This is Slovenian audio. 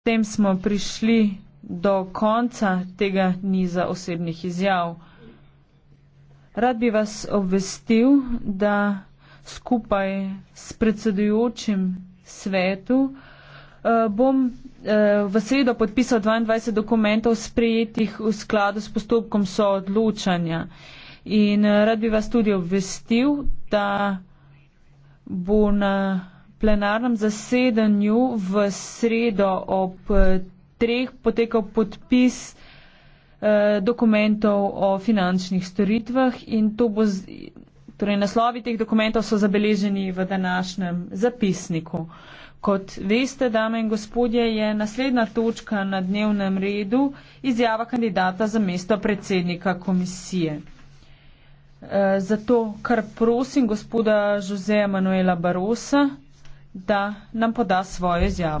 tem smo prišli do konca tega niza osebnih izjav. Rad bi vas obvestil, da skupaj s predsedujočim svetu eh, bom eh, v sredo podpisal 22 dokumentov sprejetih v skladu s postopkom soodločanja. In eh, rad bi vas tudi obvestil, da bo na plenarnem zasedanju v sredo ob treh potekal podpis eh, dokumentov o finančnih storitvah in to bo, z, torej naslovi teh dokumentov so zabeleženi v današnjem zapisniku. Kot veste, dame in gospodje, je naslednja točka na dnevnem redu izjava kandidata za mesto predsednika komisije. Eh, zato kar prosim gospoda Žozeja Manuela Barosa, da nam poda svojo izjavo.